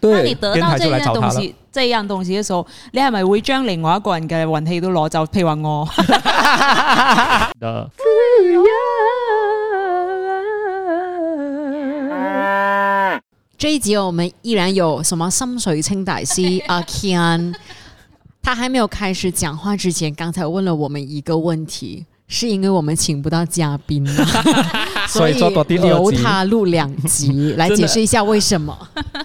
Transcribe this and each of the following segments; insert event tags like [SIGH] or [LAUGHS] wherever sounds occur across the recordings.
那你得到這樣東,東西，這樣東西嘅時候，你係咪會將另外一個人嘅運氣都攞走？譬如話我。自 [LAUGHS] The...、啊、這一集我們依然有什麼深水清大師阿 Kyann 他還沒有開始講話之前，剛才問了我們一個問題，是因為我們請不到嘉賓 [LAUGHS] 所以留他錄兩集，來解釋一下為什麼。 [LAUGHS]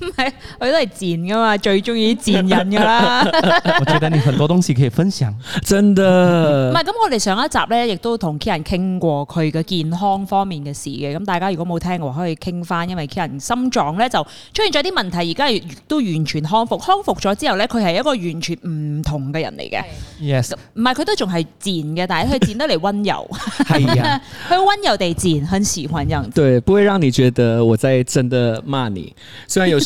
唔係佢都係賤噶嘛，最中意啲賤人噶啦。 [LAUGHS] 我覺得你很多東西可以分享，真的。唔係咁，我哋上一集咧，亦都同 Kyann 傾過佢嘅健康方面嘅事嘅。咁大家如果冇聽嘅話，可以傾翻，因為 Kyann 心臟咧就出現咗啲問題，而家都完全康復。康復咗之後咧，佢係一個完全唔同嘅人嚟嘅。Yes，唔係佢都仲係賤嘅，但係佢賤得嚟溫柔，係 [LAUGHS] 啊、 [LAUGHS] 哎，佢溫柔地賤，很喜歡這樣對，不會讓你覺得我在真的罵你，雖然有。 [LAUGHS]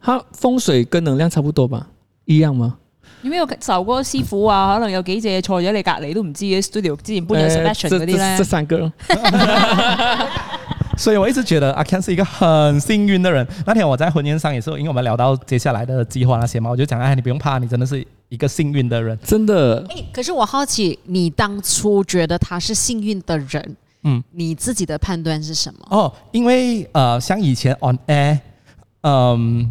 它風水跟能量差不多吧，一樣嗎？有沒有找過師傅啊？可能有幾隻坐咗你隔離都唔知嘅 studio，、嗯、之前搬咗、欸。誒，這三個。 [LAUGHS] [LAUGHS] [LAUGHS] 所以我一直覺得阿 Ken 是一個很幸運的人。那天我在婚宴上也是，因為我們聊到接下來的計劃那些嘛，我就講：哎，你不用怕，你真的是一個幸運的人，真的。欸、可是我好奇你當初覺得他是幸運的人，嗯，你自己的判斷是什麼？哦，因為，呃，像以前 on air，嗯。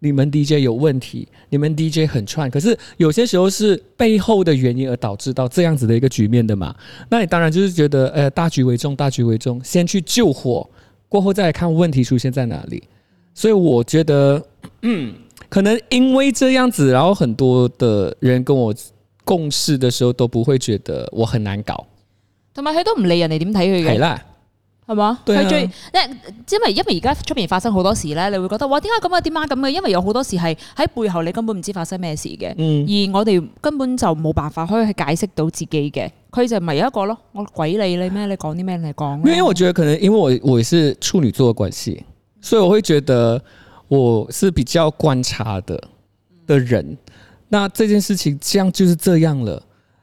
你們 DJ 有問題，你們 DJ 很串，可是有些時候是背後的原因而導致到這樣子的一個局面的嘛？那你當然就是覺得，呃，大局為重，大局為重，先去救火，過後再來看問題出現在哪裡。所以我覺得，嗯，可能因為這樣子，然後很多的人跟我共事的時候都不會覺得我很難搞，同埋佢都唔理人哋點睇佢嘅。係嘛？佢最、啊、因為因為而家出邊發生好多事咧，你會覺得哇，點解咁啊？點解咁嘅？因為有好多事係喺背後，你根本唔知發生咩事嘅。嗯。而我哋根本就冇辦法可以去解釋到自己嘅，佢就咪有一個咯。我鬼理你你咩？你講啲咩？你講。因為我覺得可能，因為我我是處女座嘅關係，所以我會覺得我是比較觀察的、嗯、的人。那這件事情，這樣就是這樣了。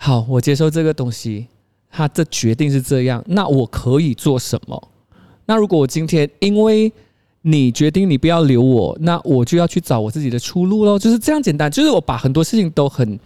好，我接受這個東西，他這決定是這樣，那我可以做什麼？那如果我今天因為你決定，你不要留我，那我就要去找我自己的出路嘍。就是這樣簡單，就是我把很多事情都很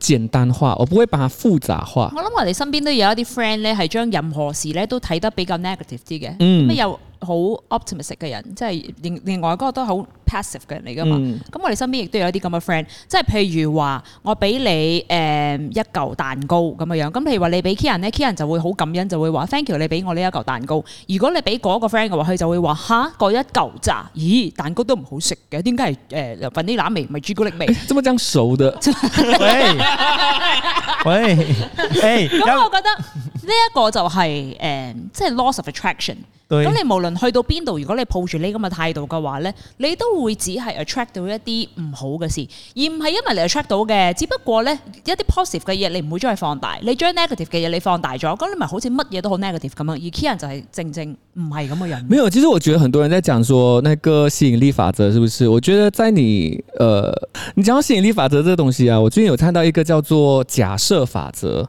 簡單化，我不會把它複雜化。我諗我哋身邊都有一啲 friend 咧，係將任何事咧都睇得比較 negative 啲嘅。嗯，咁又。好 optimistic 嘅人，即係另另外一個都好 passive 嘅人嚟噶嘛。咁、嗯、我哋身邊亦都有一啲咁嘅 friend，即係譬如話我俾你誒、嗯、一嚿蛋糕咁嘅樣，咁譬如話你俾 Kyann 咧，Kyann 就會好感恩，就會話 thank you 你俾我呢一嚿蛋糕。如果你俾嗰個 friend 嘅話，佢就會話吓個一嚿咋？咦，蛋糕都唔好食嘅，點解係誒 vanilla 味唔係朱古力味？欸、麼這麼講熟的，喂 [LAUGHS] 喂，咁我覺得。 [LAUGHS] 呢一個就係誒，即係 law of attraction。對。咁你無論去到邊度，如果你抱住呢咁嘅態度嘅話咧，你都會只係 attract 到一啲唔好嘅事，而唔係因為你 attract 到嘅。只不過咧，一啲 positive 嘅嘢你唔會將佢放大，你將 negative 嘅嘢你放大咗，咁你咪好似乜嘢都好 negative 咁樣。而 KYANN 就係正正唔係咁嘅人。沒有，其實我覺得很多人在講說，那個吸引力法則是不是？我覺得在你，誒，你講到吸引力法則呢個東西啊，我最近有睇到一個叫做假設法則。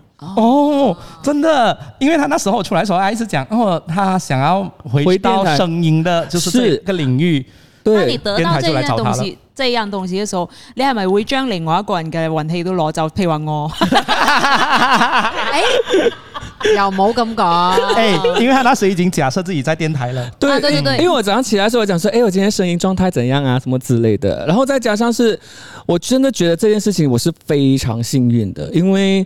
哦、oh, oh，真的，因為他那時候出來的時候，還是講哦，他想要回到聲音的，就是這個領域。對，那你得到這件東西，這樣東西的時候，你係咪會將另外一個人嘅運氣都攞走？譬如話我，哎、 [LAUGHS] [LAUGHS] 欸，又冇咁講。哎、欸，因為他那時候已經假設自己在電台了。 [LAUGHS] 對，啊、對對對、嗯，因為我早上起來的時候我講說，哎、欸，我今天聲音狀態怎樣啊，什麼之類的。然後再加上是，我真的覺得這件事情我是非常幸運的，因為。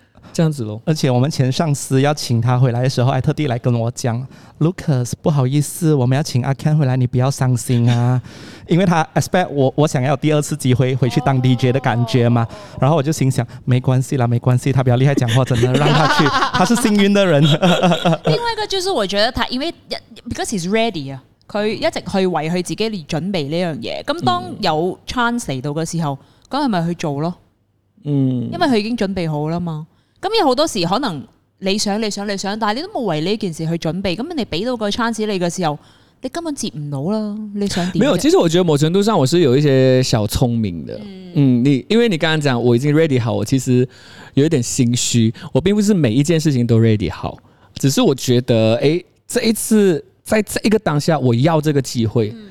這樣子咯，而且我們前上司要請他回來的時候，還特地來跟我講，Lucas，不好意思，我們要請阿 Ken 回來，你不要傷心啊， [LAUGHS] 因為他 expect 我我想要第二次機會回去當 DJ 的感覺嘛。哦，然後我就心想，沒關係啦，沒關係，他比較厲害講，講話真的讓他去， [LAUGHS] 他是幸運的人。另外一個就是我覺得他因為 Because he's ready 啊，佢一直去為佢自己嚟準備呢樣嘢，咁當有 chance 到嘅時候，咁係咪去做咯？嗯，因為佢已經準備好啦嘛。咁、嗯、有好多時候可能你想你想你想，但係你都冇為呢件事去準備，咁你俾到個 chance 你嘅時候，你根本接唔到啦。你想點？冇，其實我覺得某程度上，我是有一些小聰明的。嗯，嗯，你因為你剛剛講我已經 ready 好，我其實有一點心虛。我並不是每一件事情都 ready 好，只是我覺得，誒、欸，這一次在這一個當下，我要這個機會。嗯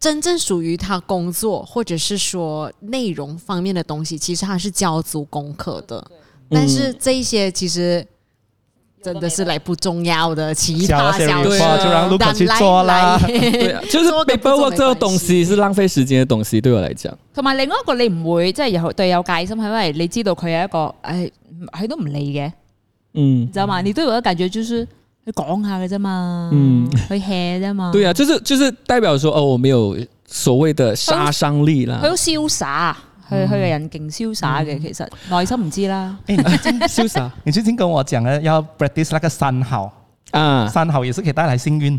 真正屬於他工作或者是說內容方面的東西，其實他是交足功課的。但是這一些其實真的是來不重要的，其他小事，的對、啊。就讓 Lucas 去做啦。就是 Baboo 這個東西是浪費時間的東西，對我來講。同埋另外一個你不，你唔會即係有對有戒心，係因為你知道佢係一個，哎，佢都唔理嘅。嗯。知道嘛、嗯？你對我嘅感覺就是。講下嘅啫嘛，嗯，去 hea 啫嘛，對啊，就是就是代表說，哦，我沒有所謂的殺傷力啦，佢好瀟灑，佢佢嘅人勁瀟灑嘅，其實內心唔知啦，瀟、欸、灑，啊、 [LAUGHS] 你先先跟我講咧，要 practice 那個三好啊，三好亦係可以帶來幸運。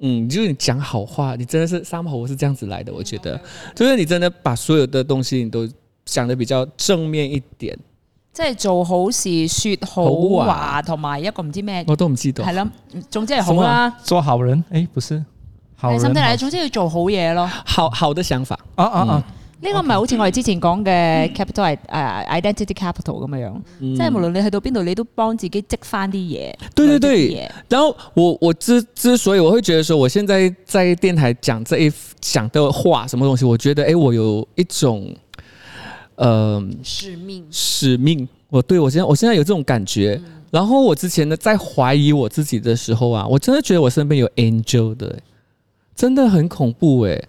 嗯，就你講好話，你真的是三好，我是這樣子來的，我覺得，就是你真的把所有的東西你都想得比較正面一點，即係做好事說好話，同埋、啊、一個唔知咩，我都唔知道。係咯，總之係好啦，做好人，誒、欸，不是，總之係總之要做好嘢咯，好好的想法，哦哦哦。嗯呢、這個唔係好似我哋之前講嘅 capital 係、okay，誒、uh, identity capital 咁樣樣，嗯、即係無論你去到邊度，你都幫自己積返啲嘢。對對對，然後我我之之所以我會覺得說，我現在在電台講這一講嘅話，什麼東西，我覺得誒，我有一種，嗯、呃，使命使命。我對我現在我現在有這種感覺、嗯。然後我之前呢，在懷疑我自己的時候啊，我真的覺得我身邊有 angel 的，真的很恐怖誒、欸。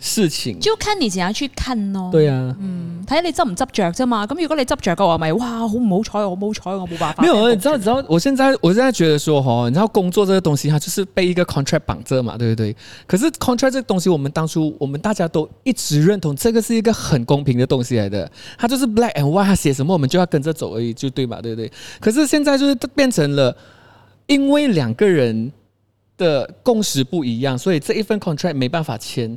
事情就看你怎樣去看咯，對啊，嗯，睇你執唔執著啫嘛。咁如果你執著嘅話，咪、就是、哇好唔好彩，我冇彩，我冇辦法。沒有，啊，你知道，你知道，我現在，我現在覺得說，哈，你知道工作這個東西，它就是被一個 contract 綁着嘛，對不對？可是 contract 這個東西，我們當初，我們大家都一直認同，這個是一個很公平的東西嚟的。它就是 black and white，寫什麼，我們就要跟着走而已，就對嘛，對不對？可是現在就是變成了，因為兩個人的共識不一樣，所以這一份 contract 沒辦法簽。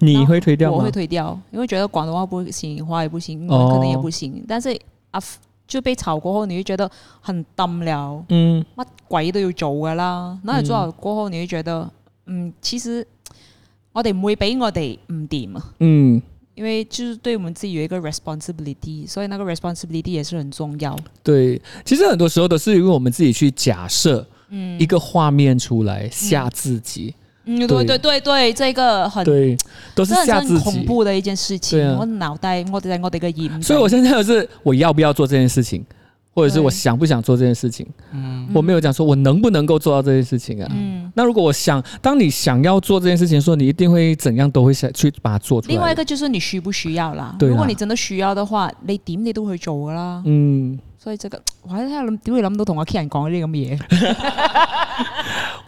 你會推掉嗎？我會推掉，因為覺得廣東話不行，華語不行，英、哦、文可能也不行。但是啊，就被炒過後，你就覺得很 down 了，嗯，乜鬼都要做噶啦。嗱，做下過後，你就覺得嗯，嗯，其實我哋唔會俾我哋唔掂啊，嗯，因為就是對我們自己有一個 responsibility，所以那個 responsibility 也是很重要。對，其實很多時候都是因為我們自己去假設，嗯，一個畫面出來嚇自己。嗯嗯嗯，對對對對，這個很對都是嚇自己很恐怖的一件事情。啊、我腦袋我在我的一個影，所以我現在就是我要不要做這件事情，或者是我想不想做這件事情。嗯，我沒有講說我能不能夠做到這件事情啊。嗯，那如果我想，當你想要做這件事情，說你一定會怎樣都會想去把它做出來。另外一個就是你需不需要啦，對啦？如果你真的需要的話，你點你都會做的啦。嗯，所以這個我一下諗，點會諗到同阿 Kyann 講呢咁嘅嘢？ [LAUGHS]